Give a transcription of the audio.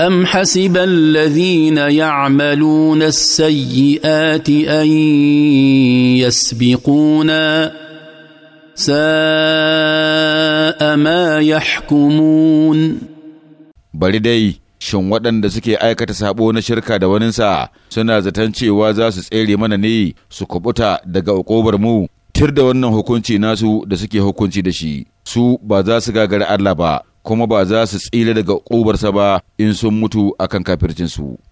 أم حسب الذين يعملون السيئات أن يسبقونا ساء ما يحكمون bari dai shin waɗanda suke aikata saɓo na shirka da waninsa suna zaton cewa za su tsere mana ne su kubuta daga uƙobar mu tir da wannan hukunci nasu da suke hukunci da shi su ba za su gagara Allah ba kuma ba za su tsira daga ƙubarsa ba in sun mutu akan kafircinsu.